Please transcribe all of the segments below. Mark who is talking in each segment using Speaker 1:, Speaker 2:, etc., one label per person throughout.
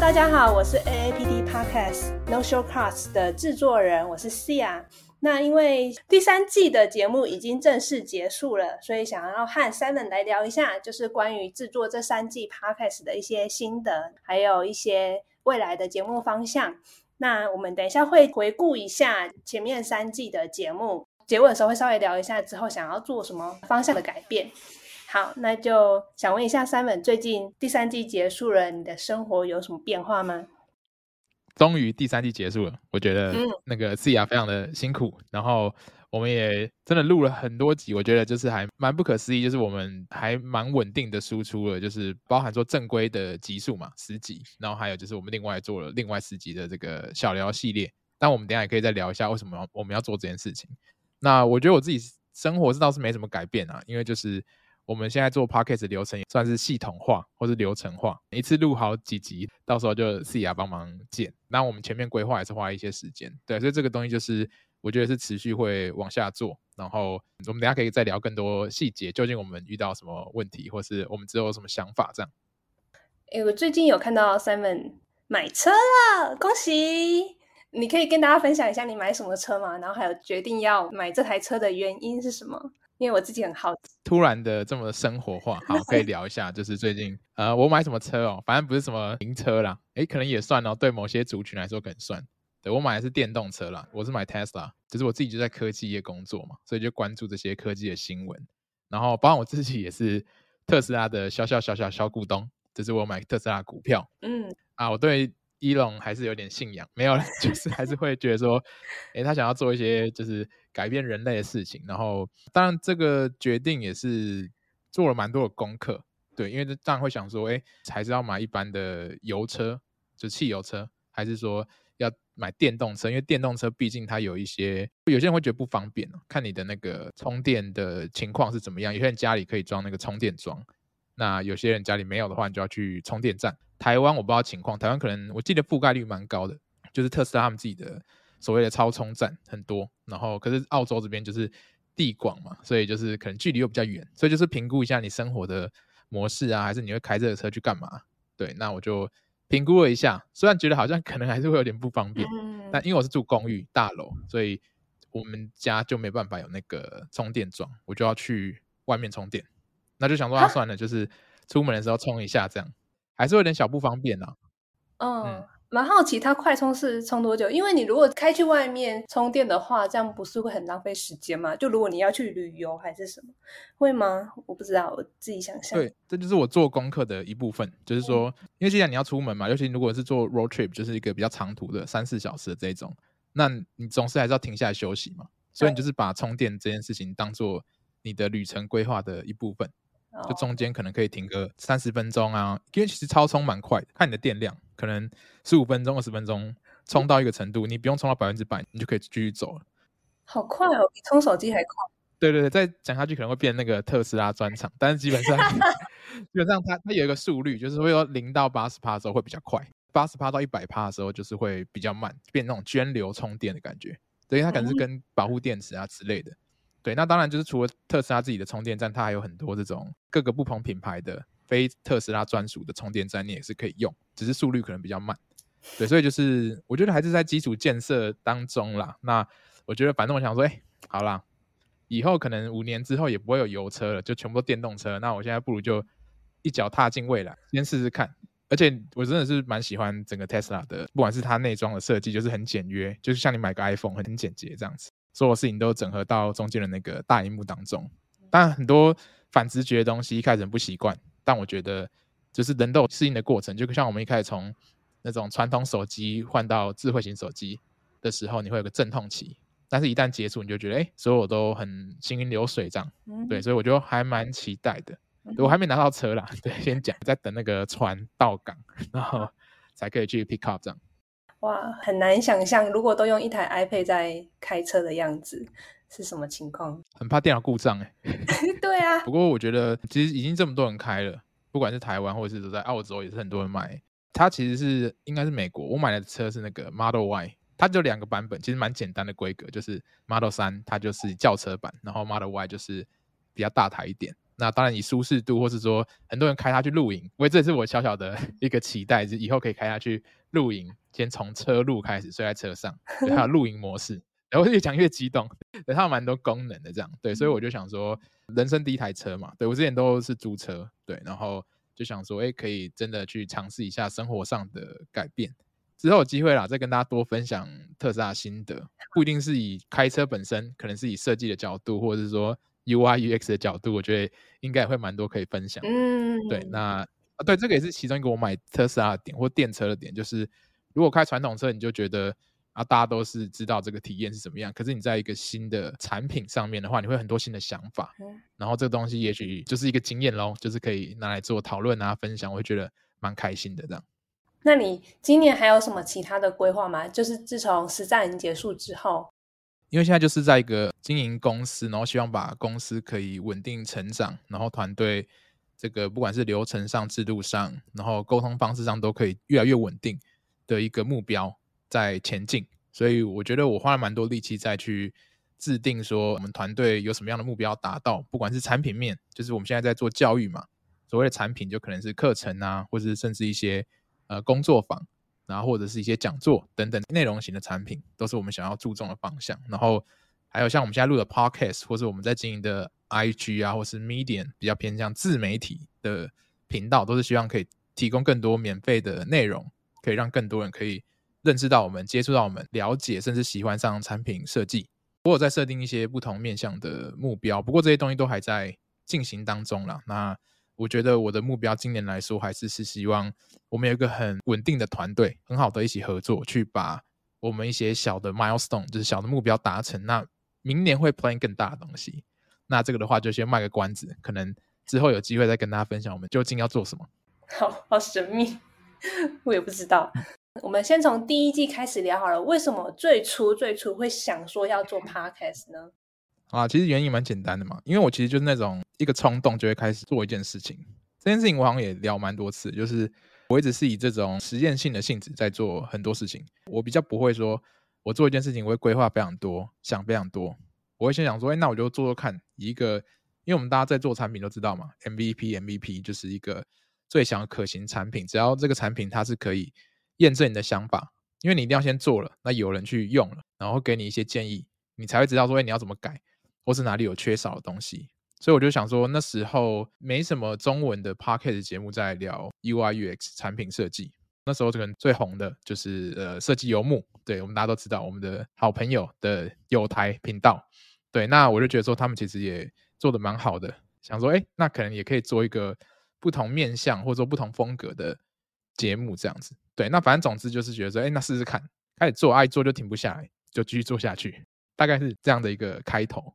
Speaker 1: 大家好，我是 AAPD Podcast No Shortcuts 的製作人，我是 Sia。那因為第三季的節目已經正式結束了，所以想要和 Simon 來聊一下，就是關於製作這三季 Podcast 的一些心得，還有一些未來的節目方向。那我們等一下會回顧一下前面三季的節目，結尾的時候會稍微聊一下之後想要做什麼方向的改變。好，那就想問一下 Simon，最近第三季結束了，你的生活有什麼變化嗎？
Speaker 2: 終於第三季結束了，我覺得那個思雅非常的辛苦，嗯、然後我們也真的錄了很多集，我覺得就是還蠻不可思議，就是我們還蠻穩定的輸出了，就是包含做正規的集數嘛，十集，然後還有就是我們另外做了另外十集的這個小聊系列，但我們等一下也可以再聊一下為什麼我們要做這件事情。那我覺得我自己生活這倒是沒什麼改變啊，因為就是。我們現在做 podcast 流程也算是系統化，或是流程化，一次錄好幾集，到時候就自己啊幫忙剪。那我們前面規劃也是花一些時間，對，所以這個東西就是我覺得是持續會往下做。然後我們等下可以再聊更多細節，究竟我們遇到什麼問題，或是我們之後有什麼想法，這樣。
Speaker 1: 哎，我最近有看到 Simon 買車了，恭喜！你可以跟大家分享一下你買什麼車嗎？然後還有決定要買這台車的原因是什麼？因為我自
Speaker 2: 己很好奇，突然的這麼生活化，好，可以聊一下， 就是最近呃，我買什麼車哦，反正不是什麼名車啦，哎，可能也算哦，對某些族群來說更算。對，我買的是電動車啦，我是買 Tesla，就是我自己就在科技業工作嘛，所以就關注這些科技的新聞。然後，包括我自己也是特斯拉的小小小小小股東，就是我買特斯拉股票，嗯，啊，我對伊隆、Elon、還是有點信仰，沒有了，就是還是會覺得說，哎， 他想要做一些就是。改變人類的事情，然後當然這個決定也是做了蠻多的功課，對，因為當然會想說，哎、欸，還是要買一般的油車，就是、汽油車，還是說要買電動車？因為電動車畢竟它有一些，有些人會覺得不方便、喔，看你的那個充電的情況是怎麼樣。有些人家裡可以裝那個充電樁，那有些人家裡沒有的話，你就要去充電站。台灣我不知道情況，台灣可能我記得覆蓋率蠻高的，就是特斯拉他們自己的。所謂的超充站很多，然後可是，澳洲這邊就是地廣嘛，所以就是可能距離又比較遠，所以就是評估一下你生活的模式啊，還是你會開這個車去幹嘛？對，那我就評估了一下，雖然覺得好像可能還是會有點不方便。嗯、但因為我是住公寓大樓，所以我們家就沒辦法有那個充電樁，我就要去外面充電。那就想說啊，算了，哈就是出門的時候充一下，這樣還是會有點小不方便啊。哦、嗯。
Speaker 1: 蠻好奇它，快充是充多久？因為你如果開去外面充電的話，這樣不是會很浪費時間嗎？就如果你要去旅遊還是什麼，會嗎？我不知道，我自己想象
Speaker 2: 對，這就是我做功課的一部分，就是說，嗯、因為現在你要出門嘛，尤其如果是做 road trip，就是一個比較長途的，三四小時的這種，那你總是還是要停下來休息嘛。嗯、所以你就是把充電這件事情當做你的旅程規劃的一部分，哦、就中間可能可以停個三十分鐘啊，因為其實超充蠻快的，看你的電量。可能十五分鐘、二十分鐘充到一個程度，嗯、你不用充到百分之百，你就可以繼續走了。
Speaker 1: 好快哦，比充手機還快。
Speaker 2: 對對對，再講下去可能會變那個特斯拉專場，但是基本上 基本上它它有一個速率，就是會有零到八十趴的時候會比較快，八十趴到一百趴的時候就是會比較慢，變那種涓流充電的感覺。所以它可能是跟保護電池啊之類的。嗯、對，那當然就是除了特斯拉自己的充電站，它還有很多這種各個不同品牌的。非特斯拉專屬的充電站，你也是可以用，只是速率可能比較慢。對，所以就是我覺得還是在基礎建設當中啦。那我覺得反正我想說，哎、欸，好啦，以後可能五年之後也不會有油車了，就全部都電動車了。那我現在不如就一腳踏進未來，先試試看。而且我真的是蠻喜歡整個 Tesla 的，不管是它內裝的設計，就是很簡約，就是像你買個 iPhone 很簡潔這樣子，所有事情都整合到中間的那個大熒幕當中。但很多反直覺的東西，一開始很不習慣。但我覺得就是人都有適應的過程，就像我們一開始從那種傳統手機換到智慧型手機的時候，你會有個陣痛期。但是一旦結束，你就覺得哎、欸，所有都很行雲流水這樣。嗯、對，所以我就還蠻期待的。我還沒拿到車啦，嗯、對，先講，在等那個船到港，然後才可以去 pick up 這樣。
Speaker 1: 哇，很難想象如果都用一台 iPad 在開車的樣子是什麼情況。
Speaker 2: 很怕電腦故障誒、欸。 對啊。不過我覺得其實已經這麼多人開了。不管是台灣或者是在澳洲，也是很多人買、欸。它其實是應該是美國，我買的車是那個 Model Y，它就兩個版本，其實蠻簡單的規格，就是 Model 3，它就是轎車版，然後 Model Y 就是比較大台一點。那當然以舒適度，或是說很多人開它去露營，我也這也是我小小的一個期待，就是以後可以開它去露營，先從車路開始，睡在車上，它有露營模式。 然後越講越激動，對，它有蠻多功能的，這樣對，嗯、所以我就想說，人生第一台車嘛，對，我之前都是租車，對，然後就想說，哎，可以真的去嘗試一下生活上的改變。之後有機會啦，再跟大家多分享特斯拉心得，不一定是以開車本身，可能是以設計的角度，或者是說 U I U X 的角度，我覺得應該也會蠻多可以分享。嗯，對，那、啊、對，這個也是其中一個我買特斯拉的點，或電車的點，就是如果開傳統車，你就覺得。啊，大家都是知道這個體驗是怎麼樣。可是你在一個新的產品上面的話，你會很多新的想法。嗯，然後這個東西也許就是一個經驗咯，就是可以拿來做討論啊、分享，我會覺得蠻開心的這樣。
Speaker 1: 那你今年還有什麼其他的規劃嗎？就是自從實戰營結束之後，
Speaker 2: 因為現在就是在一個經營公司，然後希望把公司可以穩定成長，然後團隊這個不管是流程上、制度上，然後溝通方式上都可以越來越穩定的一個目標在前進，所以我覺得我花了蠻多力氣在去制定說我們團隊有什麼樣的目標達到。不管是產品面，就是我們現在在做教育嘛，所謂的產品就可能是課程啊，或者是甚至一些呃工作坊，然後或者是一些講座等等內容型的產品，都是我們想要注重的方向。然後還有像我們現在錄的 Podcast，或者我們在經營的 IG 啊，或是 Medium 比較偏向自媒體的頻道，都是希望可以提供更多免費的內容，可以讓更多人可以。認知到我們，接觸到我們，了解，甚至喜歡上產品設計，我有在設定一些不同面向的目標，不過這些東西都還在進行當中啦，那我覺得我的目標今年來說還是是希望我們有一個很穩定的團隊，很好的一起合作，去把我們一些小的 milestone 就是小的目標達成。那明年會 plan 更大的東西，那這個的話就先賣個關子，可能之後有機會再跟大家分享我們究竟要做什麼。
Speaker 1: 好，好神秘，我也不知道。 我們先從第一季開始聊好了。為什麼最初最初會想說要做 podcast
Speaker 2: 呢？啊，其實原因蠻簡單的嘛，因為我其實就是那種一個衝動就會開始做一件事情。這件事情我好像也聊蠻多次，就是我一直是以這種實踐性的性質在做很多事情。我比較不會說我做一件事情我會規劃非常多，想非常多。我會先想說，哎，那我就做做看。一個，因為我們大家在做產品都知道嘛，MVP MVP 就是一個最小可行產品，只要這個產品它是可以。驗證你的想法，因為你一定要先做了，那有人去用了，然後給你一些建議，你才會知道說，哎、欸，你要怎麼改，或是哪裡有缺少的東西。所以我就想說，那時候沒什麼中文的 Podcast 節目在聊 UI UX 產品設計。那時候可能最紅的就是、呃、設計游牧，對，我們大家都知道，我們的好朋友的有台頻道。對，那我就覺得說，他們其實也做的蠻好的。想說，哎、欸，那可能也可以做一個不同面向，或者說不同風格的節目這樣子，對，那反正總之就是覺得說，哎，那試試看，開始做，愛、啊、做就停不下來，就繼續做下去，大概是這樣的一個開頭。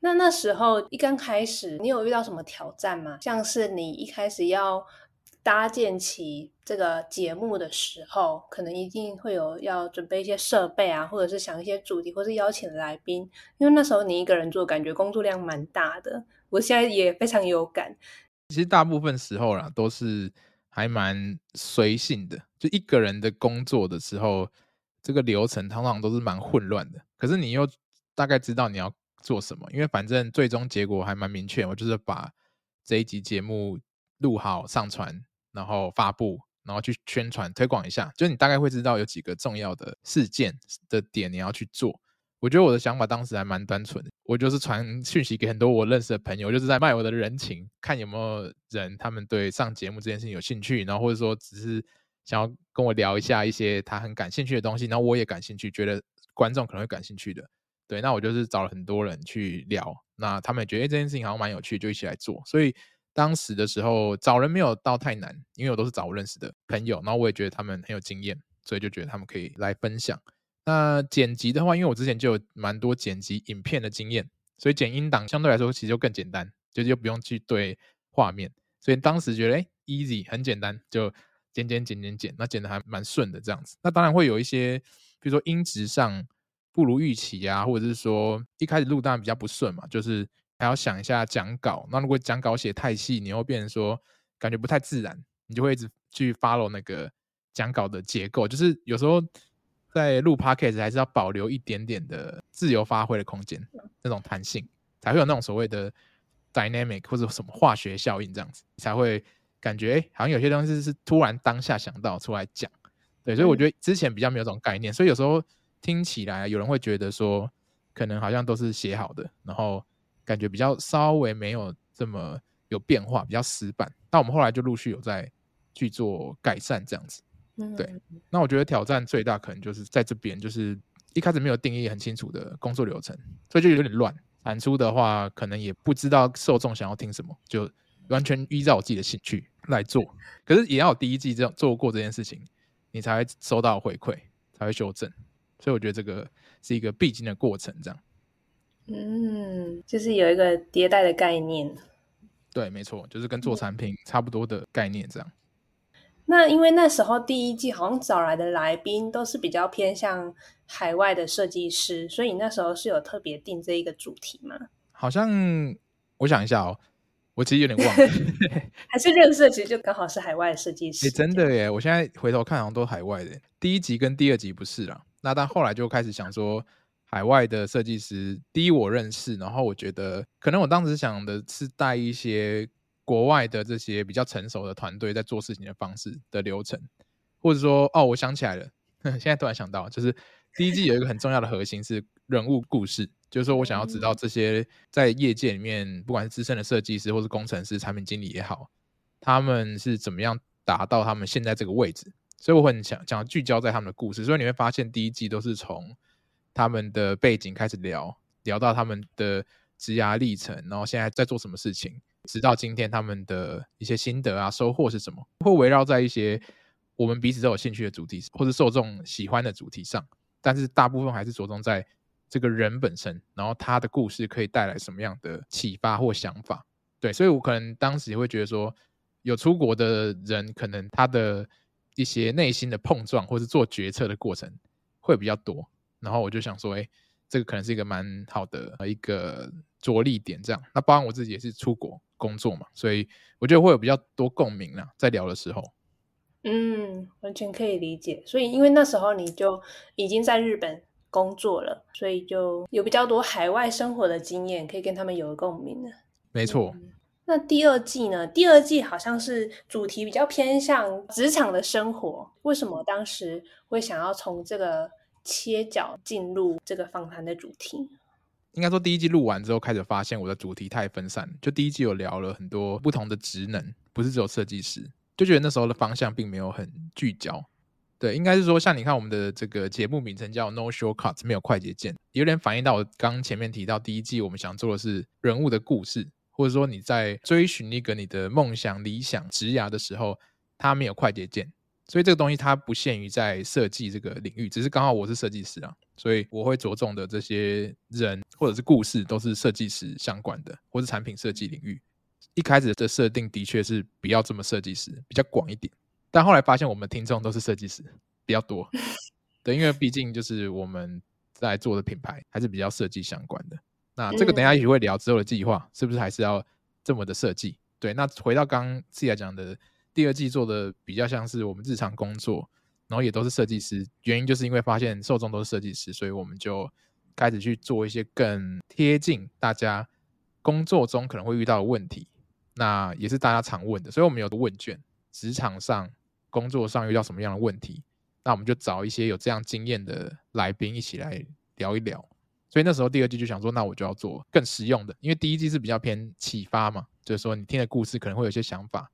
Speaker 1: 那那時候一剛開始，你有遇到什麼挑戰嗎？像是你一開始要搭建起這個節目的時候，可能一定會有要準備一些設備啊，或者是想一些主題，或者是邀請來賓，因為那時候你一個人做，感覺工作量蠻大的。我現在也非常有感，
Speaker 2: 其實大部分時候啦，都是。還蠻隨性的，就一個人的工作的時候，這個流程通常都是蠻混亂的。可是你又大概知道你要做什麼，因為反正最終結果還蠻明確。我就是把這一集節目錄好，上傳，然後發布，然後去宣傳推廣一下。就你大概會知道有幾個重要的事件的點你要去做。我覺得我的想法當時還蠻單純的。我就是傳訊息給很多我認識的朋友，就是在賣我的人情，看有沒有人他們對上節目這件事情有興趣，然後或者說只是想要跟我聊一下一些他很感興趣的東西，然後我也感興趣，覺得觀眾可能會感興趣的。對，那我就是找了很多人去聊，那他們也覺得，欸，這件事情好像蠻有趣，就一起來做。所以當時的時候找人沒有到太難，因為我都是找我認識的朋友，然後我也覺得他們很有經驗，所以就覺得他們可以來分享。那剪輯的話，因為我之前就有蠻多剪輯影片的經驗，所以剪音檔相對來說其實就更簡單，就是就不用去對畫面，所以當時覺得哎、欸、easy 很簡單，就剪剪剪剪剪、剪，那剪得還蠻順的這樣子。那當然會有一些，比如說音質上不如預期啊，或者是說一開始錄當然比較不順嘛，就是還要想一下講稿。那如果講稿寫太細，你會變成說感覺不太自然，你就會一直去 follow 那個講稿的結構，就是有時候。在錄 podcast 還是要保留一點點的自由發揮的空間，嗯、那種彈性，才會有那種所謂的 dynamic 或者什麼化學效應，這樣子才會感覺、欸、好像有些東西是，是突然當下想到出來講。對，所以我覺得之前比較沒有這種概念，嗯、所以有時候聽起來有人會覺得說，可能好像都是寫好的，然後感覺比較稍微沒有這麼有變化，比較死板。那我們後來就陸續有在去做改善，這樣子。 對，那我覺得挑戰最大可能就是在這邊，就是一開始沒有定義很清楚的工作流程，所以就有點亂。產出的話，可能也不知道受眾想要聽什麼，就完全依照我自己的興趣來做。可是也要第一季這樣做過這件事情，你才會收到回饋，才會修正。所以我覺得這個是一個必經的過程，這樣。
Speaker 1: 嗯，就是有一個迭代的概念。
Speaker 2: 對，沒錯，就是跟做產品差不多的概念，這樣。
Speaker 1: 那因為那時候第一季好像找來的來賓都是比較偏向海外的設計師，所以你那時候是有特別定這一個主題嗎？
Speaker 2: 好像我想一下哦，我其實有點忘了。
Speaker 1: 還是認識，其實就剛好是海外的設計師。哎、欸，
Speaker 2: 真的耶！我現在回頭看，好像都海外的。第一集跟第二集不是啦。那但後來就開始想說，海外的設計師，第一我認識，然後我覺得可能我當時想的是帶一些。國外的這些比較成熟的團隊在做事情的方式的流程，或者說，哦，我想起來了，呵呵，現在突然想到，就是第一季有一個很重要的核心是人物故事，嗯、就是說我想要知道這些在業界裡面，不管是資深的設計師，或是工程師、產品經理也好，他們是怎麼樣達到他們現在這個位置，所以我很想，想要聚焦在他們的故事，所以你會發現第一季都是從他們的背景開始聊，聊到他們的職涯歷程，然後現在在做什麼事情。直到今天，他們的一些心得啊、收穫是什麼，會圍繞在一些我們彼此都有興趣的主題，或是受眾喜歡的主題上。但是大部分還是着重在這個人本身，然後他的故事可以帶來什麼樣的啟發或想法。對，所以我可能當時也會覺得說，有出國的人，可能他的一些內心的碰撞，或是做決策的過程會比較多。然後我就想說，哎、欸，這個可能是一個蠻好的一個着力點。這樣，那包含我自己也是出國。工作嘛，所以我覺得會有比較多共鳴呢，在聊的時候，
Speaker 1: 嗯，完全可以理解。所以，因為那時候你就已經在日本工作了，所以就有比較多海外生活的經驗，可以跟他們有共鳴了。沒錯。嗯，那第二季呢？第二季好像是主題比較偏向職場的生活。為什麼當時會想要從這個切角進入這個訪談的主題？
Speaker 2: 應該說，第一季錄完之後，開始發現我的主題太分散了。就第一季有聊了很多不同的職能，不是只有設計師，就覺得那時候的方向並沒有很聚焦。對，應該是說，像你看我們的這個節目名稱叫 No Shortcuts，沒有快捷鍵，有點反映到我剛前面提到，第一季我們想做的是人物的故事，或者說你在追尋一個你的夢想、理想、職涯的時候，它沒有快捷鍵。所以這個東西它不限於在設計這個領域，只是剛好我是設計師啊，所以我會着重的這些人或者是故事都是設計師相關的，或是產品設計領域。一開始的設定的確是不要這麼設計師，比較廣一點，但後來發現我們的聽眾都是設計師比較多， 對，因為畢竟就是我們在做的品牌還是比較設計相關的。那這個等一下也許會聊之後的計劃，是不是還是要這麼的設計？對，那回到剛剛自己來講的。第二季做的比較像是我們日常工作，然後也都是設計師，原因就是因為發現受眾都是設計師，所以我們就開始去做一些更貼近大家工作中可能會遇到的問題。那也是大家常問的，所以我們有個問卷，職場上、工作上遇到什麼樣的問題？那我們就找一些有這樣經驗的來賓一起來聊一聊。所以那時候第二季就想說，那我就要做更實用的，因為第一季是比較偏啟發嘛，就是說你聽的故事可能會有些想法。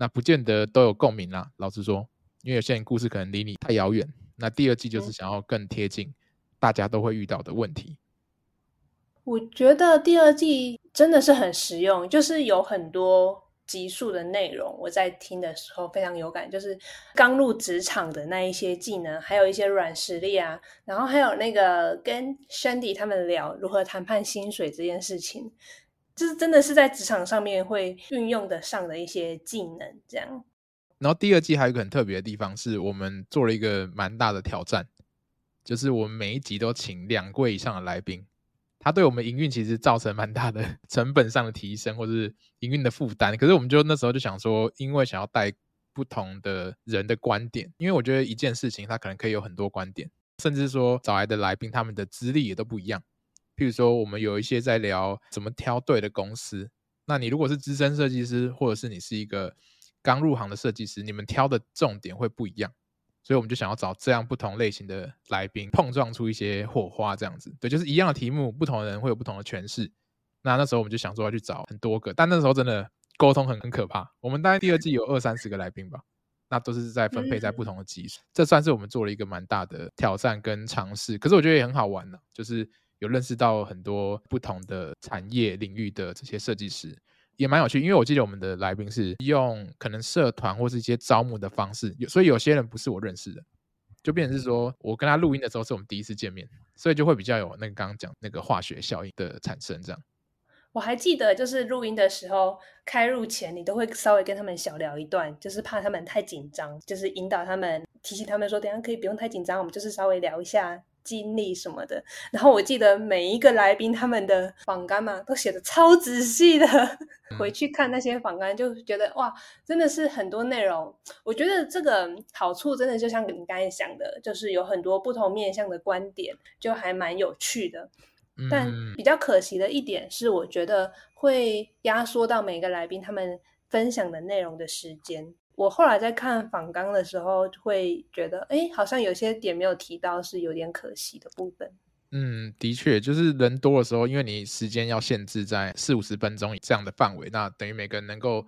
Speaker 2: 那不見得都有共鳴啦。老實說，因為有些人故事可能離你太遙遠。那第二季就是想要更貼近大家都會遇到的問題。嗯、
Speaker 1: 我覺得第二季真的是很實用，就是有很多集數的內容，我在聽的時候非常有感，就是剛入職場的那一些技能，還有一些軟實力啊，然後還有那個跟 Sandy 他們聊如何談判薪水這件事情。就是真的是在職場上面會運用得上的一些技能，這
Speaker 2: 樣。然後第二季還有一個很特別的地方，是我們做了一個蠻大的挑戰，就是我們每一集都請兩位以上的來賓，他對我們營運其實造成蠻大的成本上的提升，或是營運的負擔。可是我們就那時候就想說，因為想要帶不同的人的觀點，因為我覺得一件事情它可能可以有很多觀點，甚至說找來的來賓他們的資歷也都不一樣。譬如說，我們有一些在聊怎麼挑對的公司。那你如果是資深設計師，或者是你是一個剛入行的設計師，你們挑的重點會不一樣。所以我們就想要找這樣不同類型的來賓，碰撞出一些火花，這樣子。對，就是一樣的題目，不同的人會有不同的詮釋。那那時候我們就想說要去找很多個，但那時候真的溝通很很可怕。我們大概第二季有二三十個來賓吧，那都是在分配在不同的集數。這算是我們做了一個蠻大的挑戰跟嘗試，可是我覺得也很好玩呢，就是。有認識到很多不同的產業領域的這些設計師，也蠻有趣。因為我記得我們的來賓是用可能社團或是一些招募的方式，有所以有些人不是我認識的，就變成是說我跟他錄音的時候是我們第一次見面，所以就會比較有那個剛剛講那個化學效應的產生這樣。
Speaker 1: 我還記得，就是錄音的時候開入前，你都會稍微跟他們小聊一段，就是怕他們太緊張，就是引導他們，提醒他們說，等下可以不用太緊張，我們就是稍微聊一下。經歷什麼的，然後我記得每一個來賓他們的訪綱嘛都寫的超仔細的，回去看那些訪綱就覺得、嗯、哇，真的是很多內容。我覺得這個好處真的就像你剛才講的，就是有很多不同面向的觀點，就還蠻有趣的。但比較可惜的一點是，我覺得會壓縮到每個來賓他們分享的內容的時間。我後來在看訪綱的時候，會覺得，哎，好像有些點沒有提到，是有點可惜的部分。
Speaker 2: 嗯，的確，就是人多的時候，因為你時間要限制在四五十分鐘這樣的範圍，那等於每個人能夠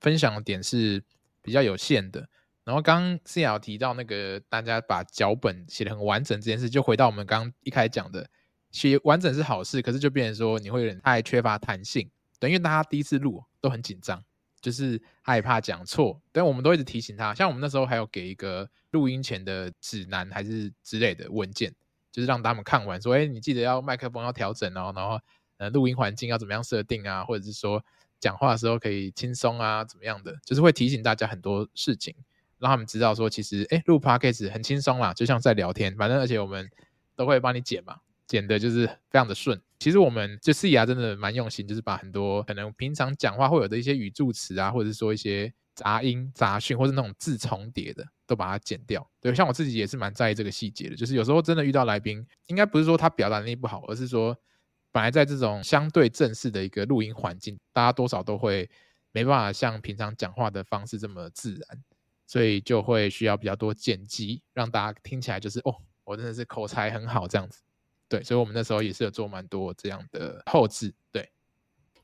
Speaker 2: 分享的點是比較有限的。嗯、然後剛剛四野有提到那個大家把腳本寫得很完整這件事，就回到我們剛，剛一開始講的，寫完整是好事，可是就變成說你會有點太缺乏彈性，等於大家第一次錄都很緊張。就是害怕講錯，但我們都一直提醒他。像我們那時候還有給一個錄音前的指南，還是之類的文件，就是讓他們看完說：“哎、欸，你記得要麥克風要調整哦，然後呃，錄音環境要怎麼樣設定啊，或者是說講話的時候可以輕鬆啊，怎麼樣的。”就是會提醒大家很多事情，讓他們知道說，其實哎，錄 podcast 很輕鬆啦，就像在聊天。反正而且我們都會幫你剪嘛，剪的就是非常的順。其實我們就視崖、啊、真的蠻用心，就是把很多可能平常講話會有的一些語助詞啊，或者是說一些雜音、雜訊，或者是那種字重疊的，都把它剪掉。對，像我自己也是蠻在意這個細節的。就是有時候真的遇到來賓，應該不是說他表達能力不好，而是說本來在這種相對正式的一個錄音環境，大家多少都會沒辦法像平常講話的方式這麼自然，所以就會需要比較多剪輯，讓大家聽起來就是哦，我真的是口才很好這樣子。對，所以，我們那時候也是有做蠻多這樣的後製。對，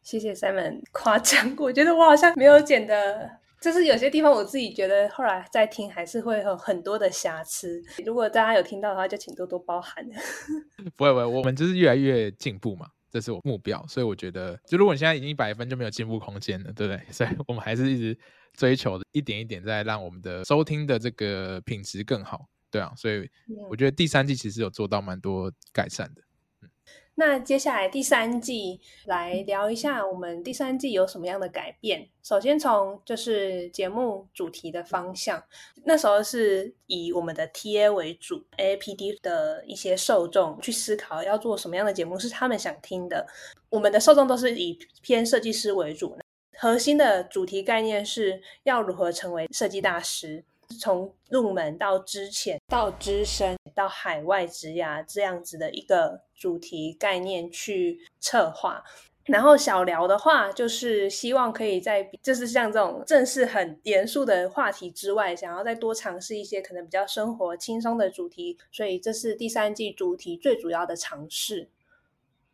Speaker 1: 謝謝 Simon 誇獎過，我覺得我好像沒有剪的，就是有些地方我自己覺得，後來再聽還是會有很多的瑕疵。如果大家有聽到的話，就請多多包涵。
Speaker 2: 不會不會，我們就是越來越進步嘛，這是我目標。所以我覺得，就如果你現在已經一百分，就沒有進步空間了，對不對？所以我們還是一直追求的一點一點，在讓我們的收聽的這個品質更好。對啊，所以我覺得第三季其實有做到蠻多改善的。Yeah.
Speaker 1: 那接下來第三季來聊一下，我們第三季有什麼樣的改變？首先從就是節目主題的方向，那時候是以我們的 TA 為主，AAPD 的一些受眾去思考要做什麼樣的節目是他們想聽的。我們的受眾都是以偏設計師為主，核心的主題概念是要如何成為設計大師。從入門到資淺，到資深，到海外職涯這樣子的一個主題概念去策劃。然後小聊的話，就是希望可以在就是像這種正式很嚴肅的話題之外，想要再多嘗試一些可能比較生活輕鬆的主題。所以這是第三季主題最主要的嘗試。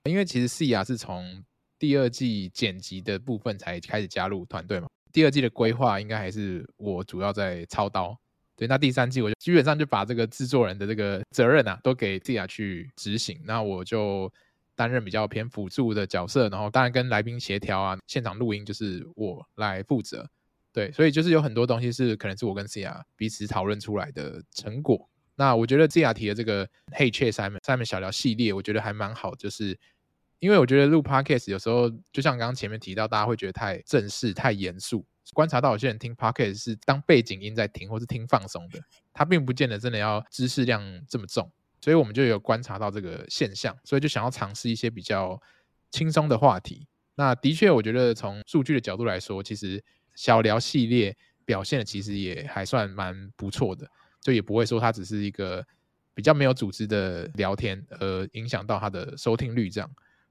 Speaker 2: 因為其實 C 雅是從第二季剪輯的部分才開始加入團隊嘛。第二季的規劃應該還是我主要在操刀，對，那第三季我就基本上就把這個制作人的這個責任啊都給 Zia 去執行，那我就擔任比較偏輔助的角色，然後當然跟來賓協調啊、現場錄音就是我來負責，對，所以就是有很多東西是可能是我跟 Zia 彼此討論出來的成果。那我覺得 Zia 提的這個 “Hey Simon” 下面上面小聊系列，我覺得還蠻好，就是。因為我覺得錄 podcast 有時候就像剛剛前面提到，大家會覺得太正式、太嚴肅。觀察到有些人聽 podcast 是當背景音在聽，或是聽放鬆的，他並不見得真的要知識量這麼重，所以我們就有觀察到這個現象，所以就想要嘗試一些比較輕鬆的話題。那的確，我覺得從數據的角度來說，其實小聊系列表現的其實也還算蠻不錯的，就也不會說它只是一個比較沒有組織的聊天，而影響到它的收聽率這樣。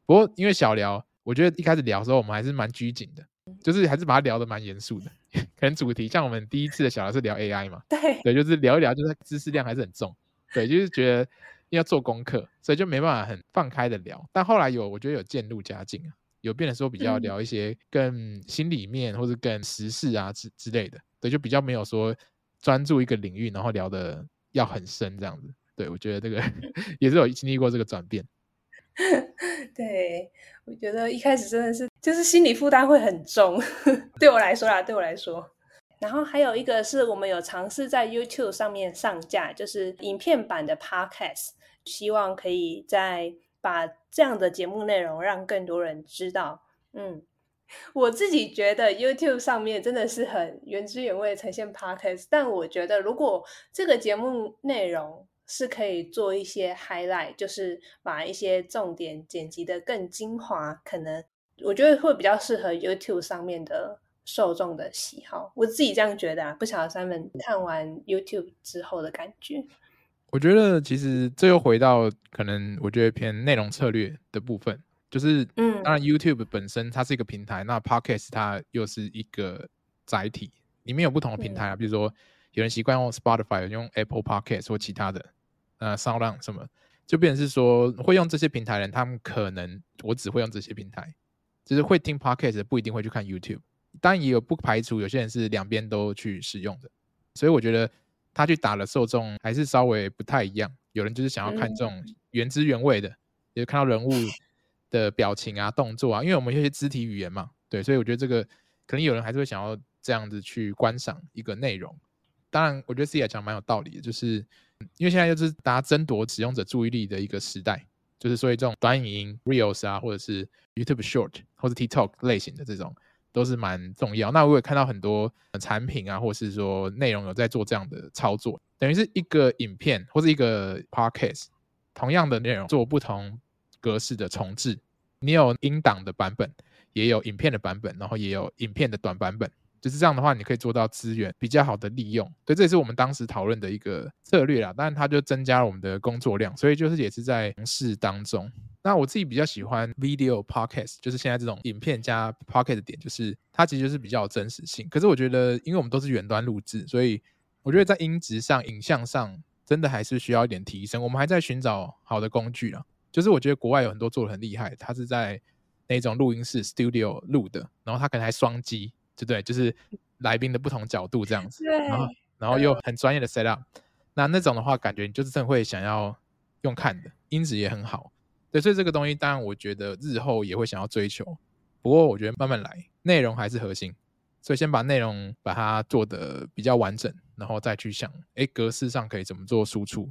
Speaker 2: 不過，因為小聊，我覺得一開始聊的時候，我們還是蠻拘謹的，就是還是把它聊得蠻嚴肅的。可能主題像我們第一次的小聊是聊 AI 嘛，對，對，就是聊一聊，就是知識量還是很重，對，就是覺得要做功課， 所以就沒辦法很放開的聊。但後來有，我覺得有漸入佳境、啊，有變得說比較聊一些更心裡面、嗯、或者更時事啊之之類的，對，就比較沒有說專注一個領域，然後聊得要很深這樣子。對，我覺得這個也是有經歷過這個轉變。
Speaker 1: 對，我覺得一開始真的是，就是心理負擔會很重， 對我來說啦，對我來說。 然後還有一個是，我們有嘗試在 YouTube 上面上架，就是影片版的 Podcast，希望可以再把這樣的節目內容讓更多人知道。嗯，我自己覺得 YouTube 上面真的是很原汁原味呈現 Podcast，但我覺得如果這個節目內容，是可以做一些 highlight，就是把一些重點剪輯的更精華，可能我覺得會比較適合 YouTube 上面的受眾的喜好。我自己這樣覺得，啊，不曉得 Simon 看完 YouTube 之後的感覺。
Speaker 2: 我覺得其實這又回到可能我覺得偏內容策略的部分，就是嗯，當然 YouTube 本身它是一個平台，嗯，那 Podcast 它又是一個載體，裡面有不同的平台啊，比如說有人習慣用 Spotify，用 Apple Podcast 或其他的。S 呃 Sound On 什麼，就變成是說，會用這些平台的人，他們可能我只會用這些平台，就是會聽 Podcast 的不一定會去看 YouTube，但也有不排除有些人是兩邊都去使用的，所以我覺得他去打了受眾還是稍微不太一樣，有人就是想要看這種原汁原味的，嗯、也看到人物的表情啊、動作啊，因為我們有些肢體語言嘛，對，所以我覺得這個可能有人還是會想要這樣子去觀賞一個內容，當然我覺得自己講蠻有道理的，就是。因為現在就是大家爭奪使用者注意力的一個時代，就是所以這種短影音 （Reels） 啊，或者是 YouTube Short 或者 TikTok 類型的這種，都是蠻重要。那我也看到很多產品啊，或是說內容有在做這樣的操作，等於是一個影片或者一個 Podcast，同樣的內容做不同格式的重製。你有音檔的版本，也有影片的版本，然後也有影片的短版本。就是這樣的話，你可以做到資源比較好的利用，所以這也是我們當時討論的一個策略啦。但是它就增加了我們的工作量，所以就是也是在嘗試當中。那我自己比較喜歡 video podcast，就是現在這種影片加 podcast 點，就是它其實就是比較有真實性。可是我覺得，因為我們都是遠端錄製，所以我覺得在音質上、影像上，真的還是需要一點提升。我們還在尋找好的工具啦。就是我覺得國外有很多做得很厲害，他是在那種錄音室 studio 錄的，然後他可能還雙擊。對對，就是來賓的不同角度這樣子，對然後然後又很專業的 set up，那那種的話，感覺你就是真的會想要用看的，音質也很好，對，所以這個東西，當然我覺得日後也會想要追求，不過我覺得慢慢來，內容還是核心，所以先把內容把它做得比較完整，然後再去想，哎，格式上可以怎麼做輸出。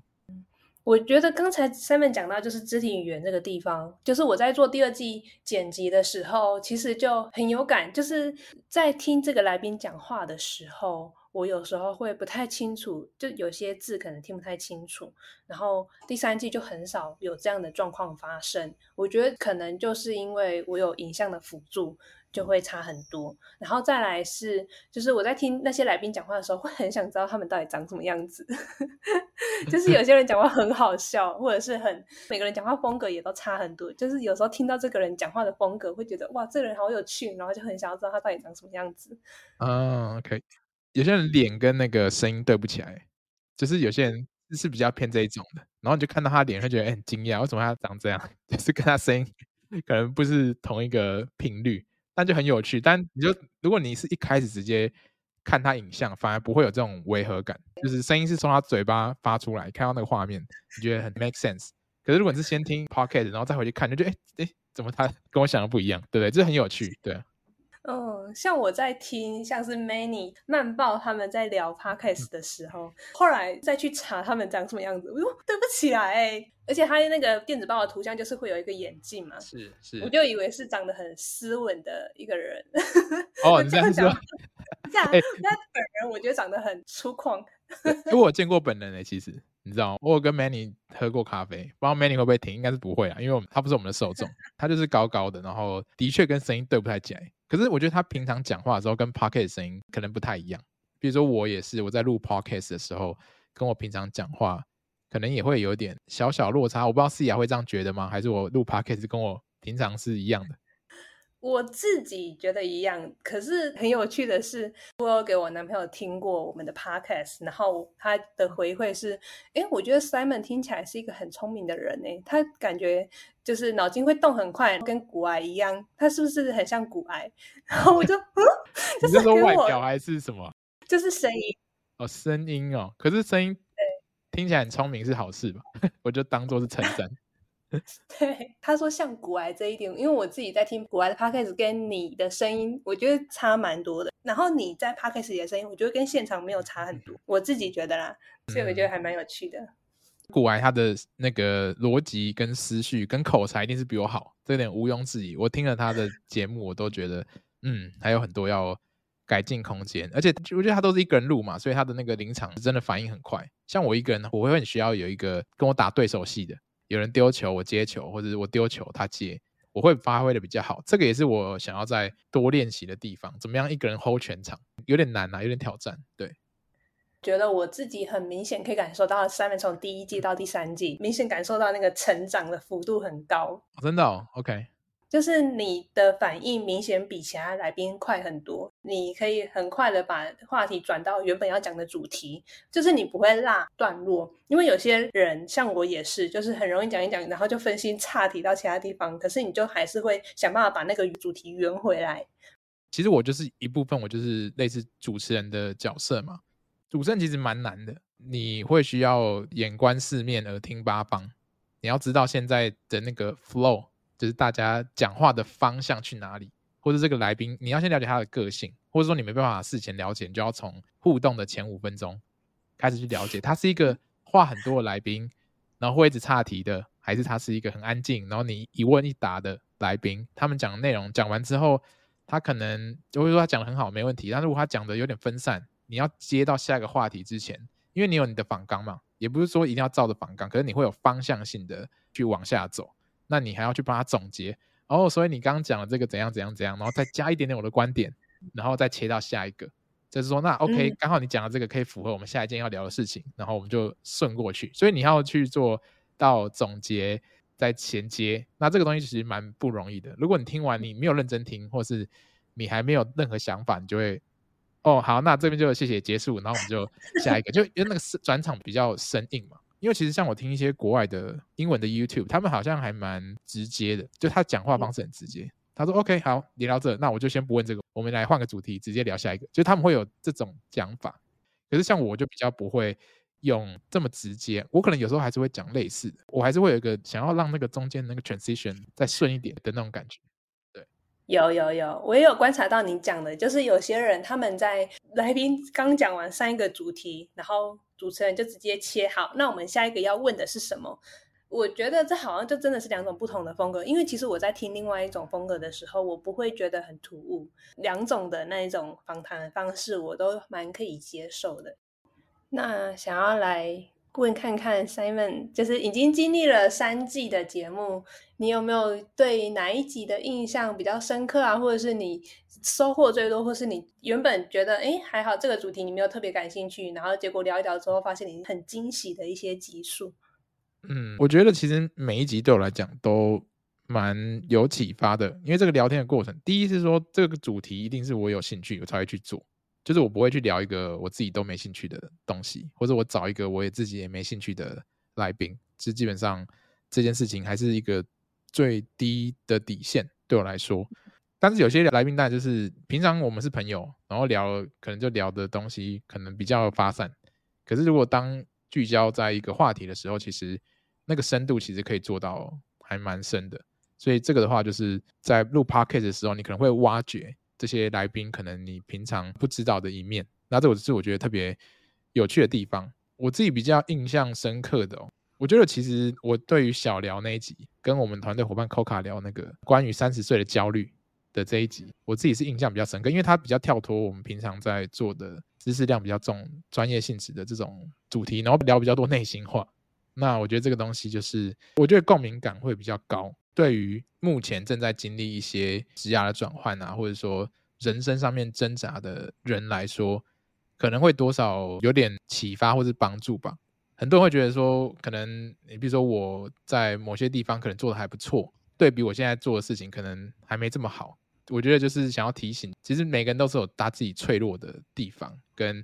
Speaker 1: 我覺得剛才 Simon 講到就是肢體語言這個地方，就是我在做第二季剪輯的時候，其實就很有感，就是在聽這個來賓講話的時候。我有時候會不太清楚，就有些字可能聽不太清楚。然後第三季就很少有這樣的狀況發生。我覺得可能就是因為我有影像的輔助，就會差很多。然後再來是，就是我在聽那些來賓講話的時候，會很想知道他們到底長什麼樣子。 就是有些人講話很好笑， 或者是很每個人講話風格也都差很多。就是有時候聽到這個人講話的風格，會覺得哇，這個人好有趣，然後就很想要知道他到底長什麼樣子。
Speaker 2: 啊，oh，OK。有些人臉跟那個聲音對不起來，就是有些人是比較偏這一種的，然後你就看到他臉，會覺得很、欸、驚訝，為什麼他長這樣？就是跟他聲音可能不是同一個頻率，但就很有趣。但你就如果你是一開始直接看他影像，反而不會有這種違和感，就是聲音是從他嘴巴發出來，看到那個畫面，你覺得很 make sense。可是如果你是先聽 podcast，然後再回去看，就覺得哎、欸欸，怎麼他跟我想的不一樣，對不對？這很有趣，對。
Speaker 1: 像我在聽像是 Manny 曼報他們在聊 Podcast 的時候，嗯、後來再去查他們長什麼樣子，我說對不起來、欸，而且他那個電子報的圖像就是會有一個眼鏡嘛，是是，是我就以為是長得很斯文的一個人，
Speaker 2: 哦， 講這樣講，
Speaker 1: 這樣、 欸、但本人我覺得長得很粗獷。
Speaker 2: 因為我見過本人哎、欸，其實你知道嗎？我有跟 Manny 喝過咖啡，不知道 Manny 會不會停，應該是不會啊，因為我們他不是我們的受眾，他就是高高的，然後的確跟聲音對不太起來。可是我覺得他平常講話的時候跟 Podcast 的聲音可能不太一樣。比如說我也是，我在錄 Podcast 的時候，跟我平常講話可能也會有點小小落差。我不知道思雅會這樣覺得嗎？還是我錄 Podcast 跟我平常是一樣的？
Speaker 1: 我自己覺得一樣，可是很有趣的是，我有給我男朋友聽過我們的 podcast，然後他的回饋是：哎、欸，我覺得 Simon 聽起來是一個很聰明的人、欸、他感覺就是腦筋會動很快，跟古埃一樣，他是不是很像古埃？然後我就， 嗯，就是、你是說外表
Speaker 2: 還是什麼？
Speaker 1: 就是聲音
Speaker 2: 哦，聲音哦，可是聲音對聽起來很聰明是好事吧？ 我就當做是稱讚。
Speaker 1: 對他說，像股癌這一點，因為我自己在聽股癌的 podcast，跟你的聲音我覺得差蠻多的。然後你在 podcast 裡的聲音，我覺得跟現場沒有差很多，我自己覺得啦。嗯、所以我覺得還蠻有趣的。
Speaker 2: 股癌他的那個邏輯跟思緒跟口才一定是比我好，這一點毋庸置疑。我聽了他的節目，我都覺得 嗯，還有很多要改進空間。而且我覺得他都是一個人錄嘛，所以他的那個臨場真的反應很快。像我一個人我會很需要有一個跟我打對手戲的。有人丟球，我接球，或者我丟球，他接，我會發揮的比較好。這個也是我想要再多練習的地方。怎麼樣一個人 hold 全場，有點難啊，有點挑戰。對，
Speaker 1: 覺得我自己很明顯可以感受到 Simon 從第一季到第三季，嗯、明顯感受到那個成長的幅度很高。
Speaker 2: 哦、真的、哦，OK。
Speaker 1: 就是你的反應明顯比其他來賓快很多，你可以很快的把話題轉到原本要講的主題，就是你不會落段落。因為有些人像我也是，就是很容易講一講，然後就分析岔題到其他地方，可是你就還是會想辦法把那個主題圓回來。
Speaker 2: 其實我就是一部分，我就是類似主持人的角色嘛。主持人其實蠻難的，你會需要眼觀四面，耳聽八方，你要知道現在的那個 flow。就是大家講話的方向去哪裡，或者這個來賓，你要先了解他的個性，或者說你沒辦法事前了解，你就要從互動的前五分鐘開始去了解。他是一個話很多的來賓，然後會一直岔題的，還是他是一個很安靜，然後你一問一答的來賓？他們講的內容講完之後，他可能就會說他講的很好，沒問題。但如果他講的有點分散，你要接到下一個話題之前，因為你有你的訪綱嘛，也不是說一定要照着訪綱，可是你會有方向性的去往下走。那你還要去幫他總結，哦，所以你剛剛講了這個怎樣怎樣怎樣，然後再加一點點我的觀點，然後再切到下一個，就是說那 OK，嗯，剛好你講的這個可以符合我們下一件要聊的事情，然後我們就順過去。所以你要去做到總結再銜接，那這個東西其實蠻不容易的。如果你聽完你沒有認真聽，或是你還沒有任何想法，你就會，哦，好，那這邊就謝謝結束，然後我們就下一個， 就因為那個是轉場比較生硬嘛。因為其實像我聽一些國外的英文的 YouTube，他們好像還蠻直接的，就他講話方式很直接。他說：“OK，好，你聊這，那我就先不問這個，我們來換個主題，直接聊下一個。”就是他們會有這種講法，可是像我就比較不會用這麼直接，我可能有時候還是會講類似的，我還是會有一個想要讓那個中間那個 transition 再順一點的那種感覺。
Speaker 1: 有有有，我也有觀察到你講的，就是有些人他們在來賓剛講完上一個主題，然後主持人就直接切好，那我們下一個要問的是什麼？我覺得這好像就真的是兩種不同的風格，因為其實我在聽另外一種風格的時候，我不會覺得很突兀，兩種的那一種訪談的方式我都蠻可以接受的。那想要來。問看看，Simon，就是已經經歷了三季的節目，你有沒有對哪一集的印象比較深刻啊？或者是你收穫最多，或是你原本覺得哎，還好這個主題你沒有特別感興趣，然後結果聊一聊之後發現你很驚喜的一些集數？
Speaker 2: 嗯，我覺得其實每一集對我來講都蠻有啟發的，因為這個聊天的過程，第一是說這個主題一定是我有興趣，我才會去做。就是我不會去聊一個我自己都沒興趣的東西，或者我找一個我也自己也沒興趣的來賓，就是、基本上這件事情還是一個最低的底線對我來說。但是有些來賓帶就是平常我們是朋友，然後聊可能就聊的東西可能比較發散。可是如果當聚焦在一個話題的時候，其實那個深度其實可以做到還蠻深的。所以這個的話，就是在錄 podcast 的時候，你可能會挖掘。這些來賓可能你平常不知道的一面，那這是我覺得特別有趣的地方。我自己比較印象深刻的，哦，我覺得其實我對於小聊那一集，跟我們團隊夥伴扣卡聊那個關於三十歲的焦慮的這一集，我自己是印象比較深刻，因為他比較跳脫我們平常在做的知識量比較重、專業性質的這種主題，然後聊比較多內心話。那我覺得這個東西就是，我覺得共鳴感會比較高。對於目前正在經歷一些職業的轉換啊，或者說人生上面掙扎的人來說，可能會多少有點啟發或者幫助吧。很多人會覺得說，可能你比如說我在某些地方可能做的還不錯，對比我現在做的事情，可能還沒這麼好。我覺得就是想要提醒，其實每個人都是有他自己脆弱的地方，跟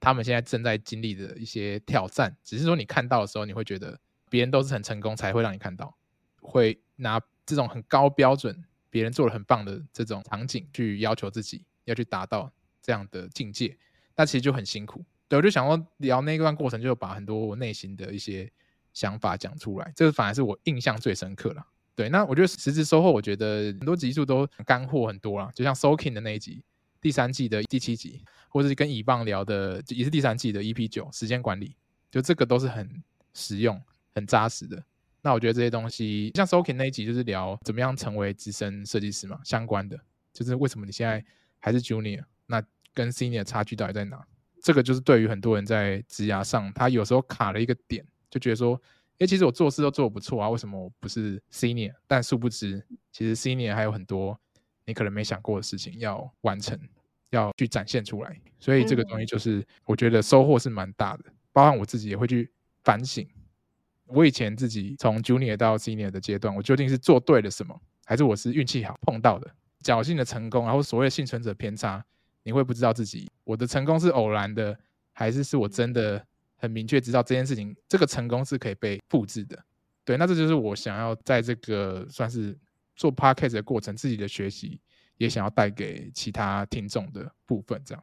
Speaker 2: 他們現在正在經歷的一些挑戰，只是說你看到的時候，你會覺得別人都是很成功，才會讓你看到。會拿這種很高標準，別人做得很棒的這種場景去要求自己要去達到這樣的境界，那其實就很辛苦。對，我就想要聊那一段過程，就把很多我內心的一些想法講出來。這個反而是我印象最深刻了。對，那我覺得實質收穫，我覺得很多集數都乾貨很多啦，就像 Soking 的那一集，第三季的第七集，或者是跟乙棒聊的也是第三季的 EP 九，時間管理，就這個都是很實用、很扎實的。那我覺得這些東西，像 Soki、ok、那一集就是聊怎麼樣成為資深設計師嘛，相關的就是為什麼你現在還是 Junior，那跟 Senior 的差距到底在哪？這個就是對於很多人在職涯上，他有時候卡了一個點，就覺得說，誒、欸，其實我做事都做得不錯啊，為什麼我不是 Senior？但殊不知，其實 Senior 還有很多你可能沒想過的事情要完成，要去展現出來。所以這個東西就是我覺得收穫是蠻大的，包含我自己也會去反省。我以前自己從 junior 到 senior 的階段，我究竟是做對了什麼，還是我是運氣好碰到的僥倖的成功，然後所謂的幸存者偏差，你會不知道自己我的成功是偶然的，還是是我真的很明確知道這件事情，這個成功是可以被複製的。對，那這就是我想要在這個算是做 podcast 的過程，自己的學習也想要帶給其他聽眾的部分，這樣。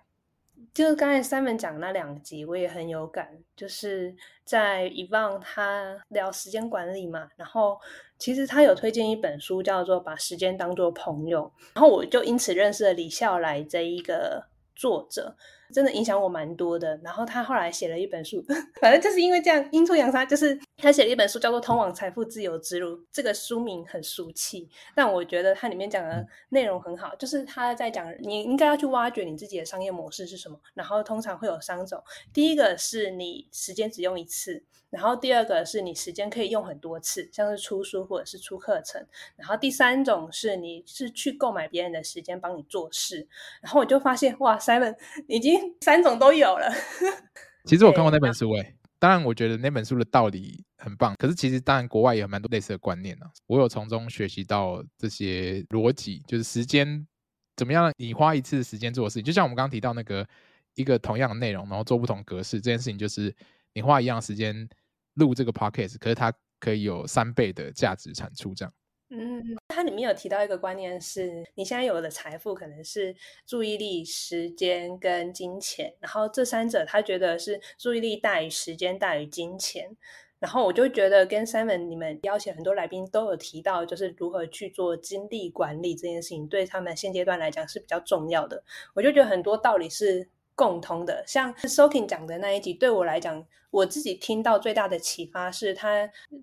Speaker 1: 就是剛才 Simon 講那兩集，我也很有感。就是在 Yvonne 他聊時間管理嘛，然後其實他有推薦一本書叫做《把時間當作朋友》，然後我就因此認識了李笑來這一個作者，真的影響我蠻多的。然後他後來寫了一本書，反正就是因為這樣陰錯陽差，就是。他寫了一本書，叫做《通往財富自由之路》。這個書名很俗氣，但我覺得它裡面講的內容很好。就是他在講，你應該要去挖掘你自己的商業模式是什麼。然後通常會有三種：第一個是你時間只用一次；然後第二個是你時間可以用很多次，像是出書或者是出課程；然後第三種是你是去購買別人的時間幫你做事。然後我就發現，哇，Simon，你已經三種都有了。
Speaker 2: 其實我看過那本書誒、欸。 當然，我覺得那本書的道理很棒。可是，其實當然，國外也有蠻多類似的觀念呢。我有從中學習到這些邏輯，就是時間怎麼樣，你花一次時間做的事，就像我們剛剛提到那個一個同樣的內容，然後做不同格式這件事情，就是你花一樣的時間錄這個 podcast，可是它可以有三倍的價值產出這樣。
Speaker 1: 嗯，它裡面有提到一個觀念是，是你現在有的財富可能是注意力、時間跟金錢，然後這三者他覺得是注意力大於時間大於金錢，然後我就覺得跟 Simon 你們邀請很多來賓都有提到，就是如何去做精力管理這件事情，對他們現階段來講是比較重要的，我就覺得很多道理是共通的，像 Sokin 講的那一集，對我來講，我自己聽到最大的啟發是，他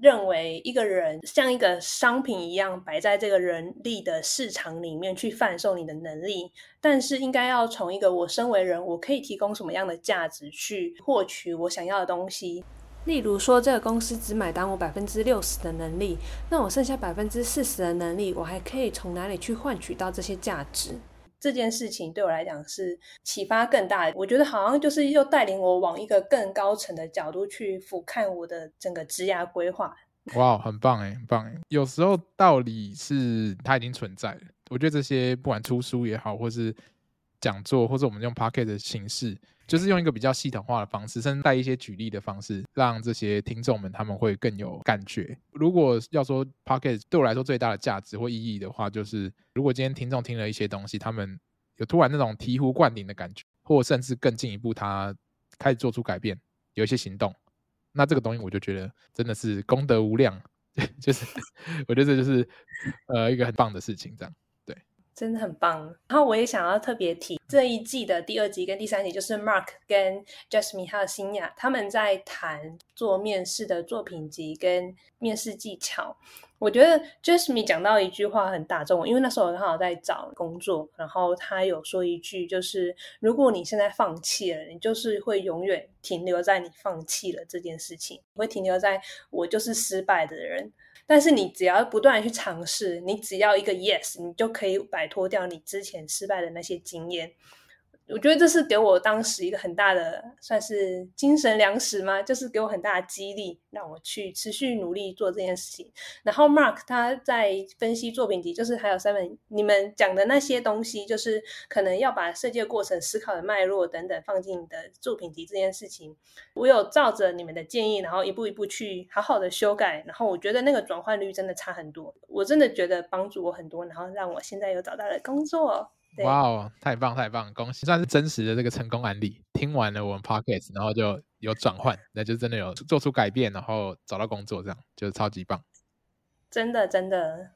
Speaker 1: 認為一個人像一個商品一樣擺在這個人力的市場裡面去販售你的能力，但是應該要從一個我身為人，我可以提供什麼樣的價值去獲取我想要的東西。例如說，這個公司只買單我百分之六十的能力，那我剩下百分之四十的能力，我還可以從哪裡去換取到這些價值？這件事情對我來講是啟發更大的，我覺得好像就是又帶領我往一個更高層的角度去俯瞰我的整個職業規劃。
Speaker 2: 哇，wow，很棒哎，很棒哎，有時候道理是它已經存在了，我覺得這些不管出書也好，或是講座，或者我們用 podcast 的形式。就是用一個比較系統化的方式，甚至帶一些舉例的方式，讓這些聽眾們他們會更有感覺。如果要說 Podcast 對我來說最大的價值或意義的話，就是如果今天聽眾聽了一些東西，他們有突然那種醍醐灌頂的感覺，或甚至更進一步，他開始做出改變，有一些行動，那這個東西我就覺得真的是功德無量。對， 就是我覺得這就是呃一個很棒的事情，這樣。
Speaker 1: 真的很棒，然後我也想要特別提這一季的第二集跟第三集，就是 Mark 跟 Jasmine 還有新雅他們在談做面試的作品集跟面試技巧。我覺得 Jasmine 講到一句話很打中，因為那時候我剛好在找工作，然後他有說一句就是：如果你現在放棄了，你就是會永遠停留在你放棄了這件事情，會停留在我就是失敗的人。但是，你只要不斷的去嘗試，你只要一個 yes，你就可以擺脫掉你之前失敗的那些經驗。我覺得這是給我當時一個很大的，算是精神糧食嘛，就是給我很大的激勵，讓我去持續努力做這件事情。然後 Mark 他在分析作品集，就是還有 Seven 你們講的那些東西，就是可能要把設計的過程、思考的脈絡等等放進你的作品集這件事情，我有照着你們的建議，然後一步一步去好好的修改，然後我覺得那個轉換率真的差很多，我真的覺得幫助我很多，然後讓我現在有找到了工作。哇哦，wow,
Speaker 2: 太棒太棒，恭喜！算是真實的這個成功案例。聽完了我們 podcast，然後就有轉換，那就真的有做出改變，然後找到工作，這樣就是、超級棒。
Speaker 1: 真的真的。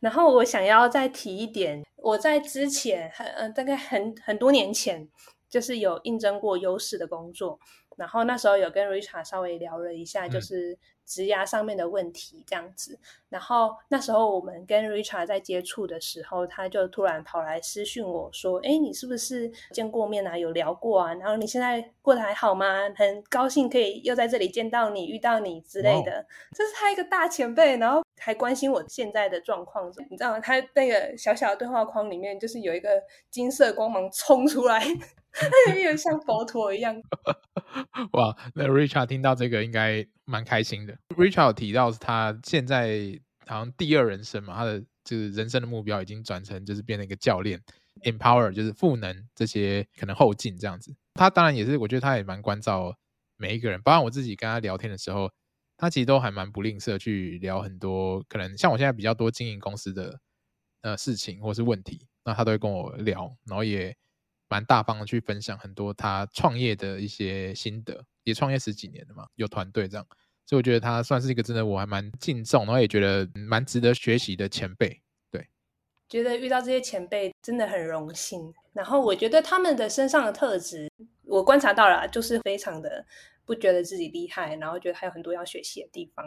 Speaker 1: 然後我想要再提一點，我在之前很嗯、呃，大概很很多年前，就是有應徵過優勢的工作，然後那時候有跟 Richard 稍微聊了一下，就是職涯上面的問題，嗯、這樣子。然後那時候我們跟 Richard 在接觸的時候，他就突然跑來私訊我說：“哎，你是不是見過面啊？有聊過啊？然後你現在過得還好嗎？很高興可以又在這裡見到你、遇到你之類的。” oh. 這是他一個大前輩，然後還關心我現在的狀況，你知道嗎？他那個小小的對話框裡面就是有一個金色光芒衝出來， 他有點像佛陀一樣。
Speaker 2: 哇，wow, 那 Richard 聽到這個應該蠻開心的。Richard 有提到他現在。好像第二人生嘛，他的就是人生的目標已經轉成就是變成一個教練，empower 就是賦能這些可能後進這樣子。他當然也是，我覺得他也蠻關照每一個人。包括我自己跟他聊天的時候，他其實都還蠻不吝嗇去聊很多可能，像我現在比較多經營公司的呃事情或是問題，那他都會跟我聊，然後也蠻大方的去分享很多他創業的一些心得，也創業十幾年了嘛，有團隊這樣。所以我覺得他算是一個真的，我還蠻敬重，然後也覺得蠻值得學習的前輩。對，
Speaker 1: 覺得遇到這些前輩真的很榮幸。然後我覺得他們的身上的特質，我觀察到了，就是非常的不覺得自己厲害，然後覺得還有很多要學習的地方。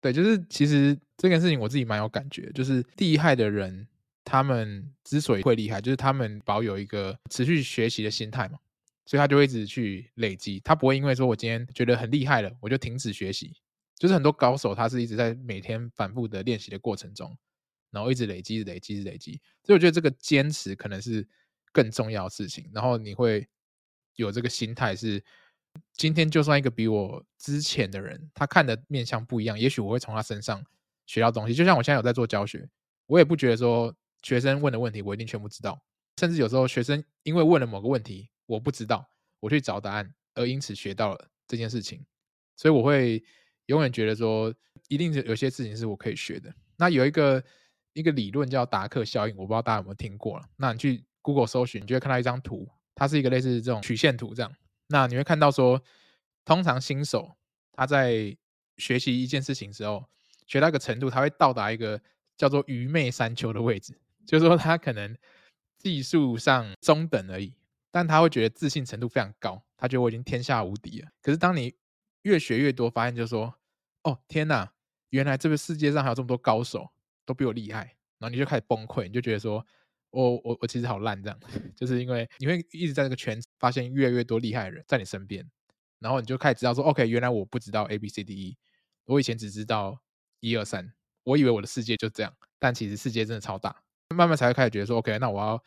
Speaker 2: 對，就是其實這件事情我自己蠻有感覺，就是厲害的人，他們之所以會厲害，就是他們保有一個持續學習的心態嘛。所以他就一直去累積，他不會因為說“我今天覺得很厲害了”，我就停止學習。就是很多高手，他是一直在每天反覆的練習的過程中，然後一直累積、累積、累積。所以我覺得這個堅持可能是更重要的事情。然後你會有這個心態，是今天就算一個比我之前的人，他看的面向不一樣，也許我會從他身上學到東西。就像我現在有在做教學，我也不覺得說學生問的問題我一定全部知道，甚至有時候學生因為問了某個問題。我不知道，我去找答案，而因此學到了這件事情，所以我會永遠覺得說，一定是有些事情是我可以學的。那有一個一個理論叫達克效應，我不知道大家有沒有聽過了。那你去 Google 搜尋，你就會看到一張圖，它是一個類似這種曲線圖這樣。那你會看到說，通常新手他在學習一件事情之後，學到一個程度，他會到達一個叫做愚昧山丘的位置，就是說他可能技術上中等而已。但他會覺得自信程度非常高，他覺得我已經天下無敵了。可是當你越學越多，發現就是說，哦，天哪，原來這個世界上還有這麼多高手，都比我厲害。然後你就開始崩潰，你就覺得說，我我我其實好爛這樣。就是因為你會一直在這個圈子，發現越來越多厲害的人在你身邊，然後你就開始知道說，OK，原來我不知道 A B C D E，我以前只知道一二三，我以為我的世界就這樣，但其實世界真的超大。慢慢才會開始覺得說，OK，那我要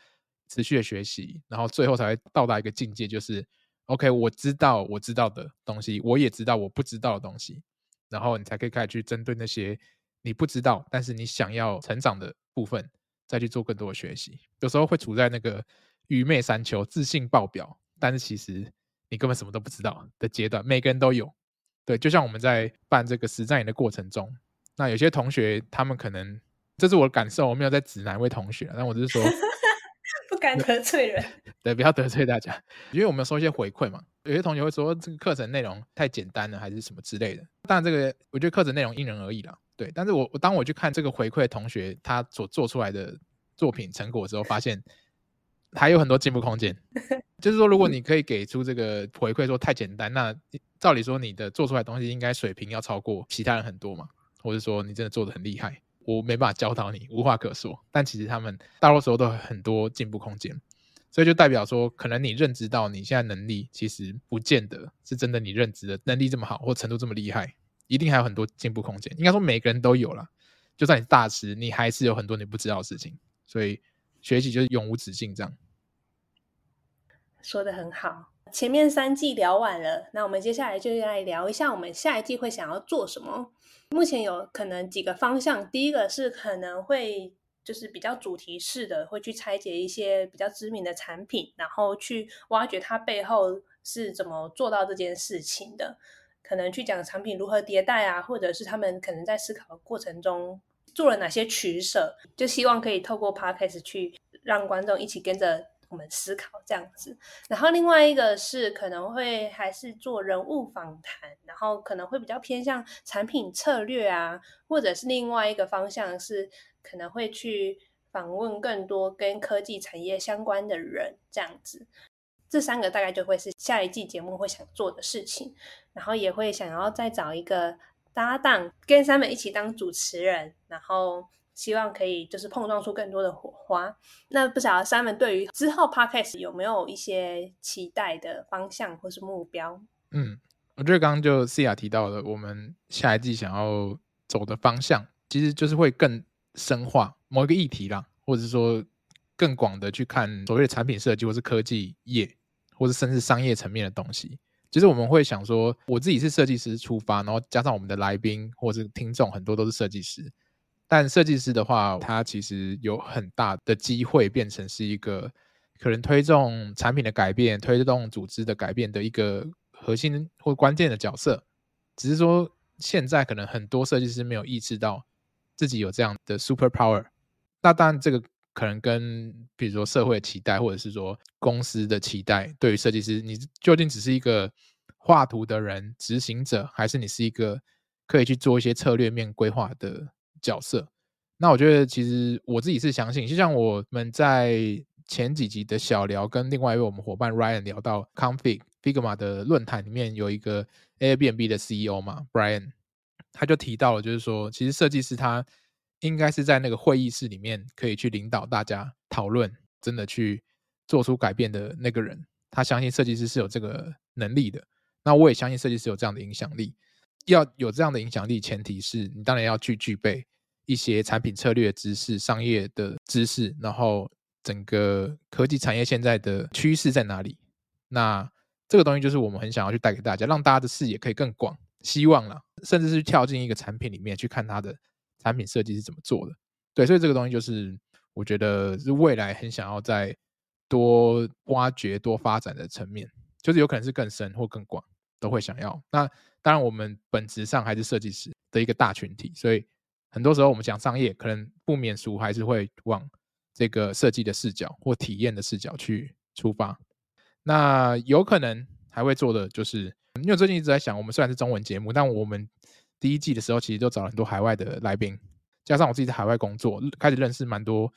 Speaker 2: 持續的學習，然後最後才會到達一個境界，就是 OK，我知道我知道的東西，我也知道我不知道的東西，然後你才可以開始去針對那些你不知道，但是你想要成長的部分，再去做更多的學習。有時候會處在那個愚昧山丘、自信爆表，但是其實你根本什麼都不知道的階段。每個人都有，對，就像我們在辦這個實戰營的過程中，那有些同學他們可能，這是我的感受，我沒有在指哪位同學，但我只是說。
Speaker 1: 不敢
Speaker 2: 得罪人， 對，不要得罪大家， 因為我們收一些回饋嘛。有些同學會說這個課程內容太簡單了，還是什麼之類的。當然這個我覺得課程內容因人而異啦，對。但是我我當我去看這個回饋同學他所做出來的作品成果之後，發現還有很多進步空間。 就是說，如果你可以給出這個回饋說太簡單， 那照理說你的做出來的東西應該水平要超過其他人很多嘛，或者說你真的做得很厲害。我沒辦法教導你，無話可說。但其實他們大多時候都有很多進步空間，所以就代表說，可能你認知到你現在能力其實不見得是真的，你認知的能力這麼好或程度這麼厲害，一定還有很多進步空間。應該說每個人都有了，就算你大師，你還是有很多你不知道的事情。所以學習就是永無止境，這樣。
Speaker 1: 說得很好。前面三季聊完了，那我們接下來就來聊一下我們下一季會想要做什麼。目前有可能幾個方向，第一個是可能會就是比較主題式的，會去拆解一些比較知名的產品，然後去挖掘它背後是怎麼做到這件事情的。可能去講產品如何迭代啊，或者是他們可能在思考的過程中做了哪些取捨，就希望可以透過 podcast 去讓觀眾一起跟着。我們思考這樣子，然後另外一個是可能會還是做人物訪談，然後可能會比較偏向產品策略啊，或者是另外一個方向是可能會去訪問更多跟科技產業相關的人這樣子。這三個大概就會是下一季節目會想做的事情，然後也會想要再找一個搭檔，跟 Simon 一起當主持人，然後。希望可以就是碰撞出更多的火花。那不曉得 Simon 對於之後 podcast 有沒有一些期待的方向或是目標？嗯，
Speaker 2: 我覺得剛剛就思雅提到了，我們下一季想要走的方向，其實就是會更深化某一個議題啦，或者是說更廣的去看所謂的產品設計，或是科技業，或是甚至商業層面的東西。其實我們會想說，我自己是設計師出發，然後加上我們的來賓或是聽眾，很多都是設計師。但設計師的話，他其實有很大的機會變成是一個可能推動產品的改變、推動組織的改變的一個核心或關鍵的角色。只是說，現在可能很多設計師沒有意識到自己有這樣的 super power。那當然，這個可能跟比如說社會的期待，或者是說公司的期待，對於設計師，你究竟只是一個畫圖的人、執行者，還是你是一個可以去做一些策略面規劃的角色，那我覺得其實我自己是相信，就像我們在前幾集的小聊跟另外一位我們夥伴 Ryan 聊到 Config Figma 的論壇裡面有一個 Airbnb 的 CEO 嘛，Brian，他就提到了，就是說，其實設計師他應該是在那個會議室裡面可以去領導大家討論，真的去做出改變的那個人。他相信設計師是有這個能力的，那我也相信設計師有這樣的影響力。要有這樣的影響力，前提是你當然要去具備。一些產品策略知識、商業的知識，然後整個科技產業現在的趨勢在哪裡？那這個東西就是我們很想要去帶給大家，讓大家的視野可以更廣。希望啦，甚至是跳進一個產品裡面去看它的產品設計是怎麼做的。對，所以這個東西就是我覺得是未來很想要再多挖掘、多發展的層面，就是有可能是更深或更廣，都會想要。那當然，我們本質上還是設計師的一個大群體，所以。很多時候我們講商業，可能不免俗還是會往這個設計的視角或體驗的視角去出發。那有可能還會做的就是，因為我最近一直在想，我們雖然是中文節目，但我們第一季的時候其實都找了很多海外的來賓，加上我自己在海外工作，開始認識蠻多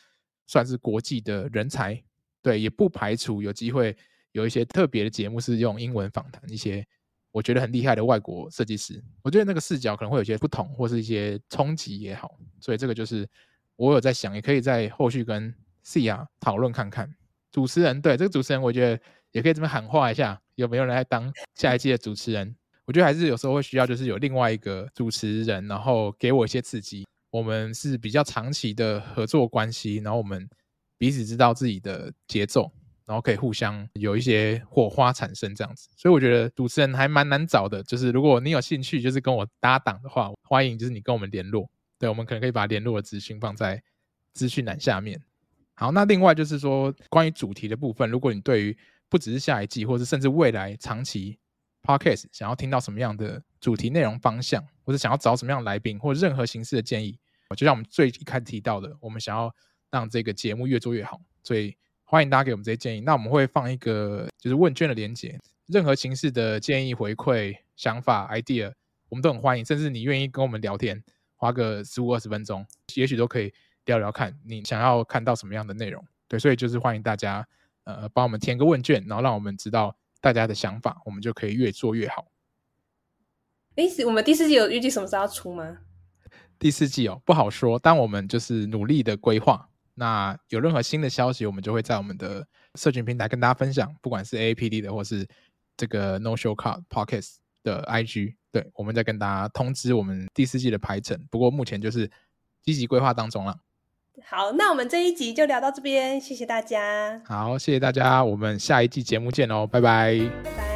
Speaker 2: 算是國際的人才。對，也不排除有機會有一些特別的節目是用英文訪談一些。我覺得很厲害的外國設計師，我覺得那個視角可能會有些不同，或是一些衝擊也好，所以這個就是我有在想，也可以在後續跟 C R 討論看看。主持人，對，這個主持人，我覺得也可以這麼喊話一下，有沒有人來當下一季的主持人？我覺得還是有時候會需要，就是有另外一個主持人，然後給我一些刺激。我們是比較長期的合作關係，然後我們彼此知道自己的節奏。然後可以互相有一些火花產生這樣子，所以我覺得主持人還蠻難找的。就是如果你有興趣，就是跟我搭檔的話，歡迎就是你跟我們聯絡。對，我們可能可以把聯絡的資訊放在資訊欄下面。好，那另外就是說，關於主題的部分，如果你對於不只是下一季，或者甚至未來長期 podcast 想要聽到什麼樣的主題內容方向，或者想要找什麼樣來賓或任何形式的建議，就像我們最一開始提到的，我們想要讓這個節目越做越好，所以，歡迎大家給我們這些建議，那我們會放一個就是問卷的連結，任何形式的建議、回饋、想法、idea，我們都很歡迎。甚至你願意跟我們聊天，花個十五二十分鐘，也許都可以聊聊看，你想要看到什麼樣的內容？對，所以就是歡迎大家，呃，幫我們填個問卷，然後讓我們知道大家的想法，我們就可以越做越
Speaker 1: 好。哎、欸，我們第四季有預計什麼時候要出嗎？
Speaker 2: 第四季哦，不好說，但我們就是努力的規劃。那有任何新的消息，我們就會在我們的社群平台跟大家分享，不管是 AAPD 的，或是這個 No Shortcuts Podcast 的 IG，對，我們再跟大家通知我們第四季的排程。不過目前就是積極規劃當中了。
Speaker 1: 好，那我們這一集就聊到這邊，謝謝大家。
Speaker 2: 好，謝謝大家，我們下一季節目見哦，拜拜。拜拜。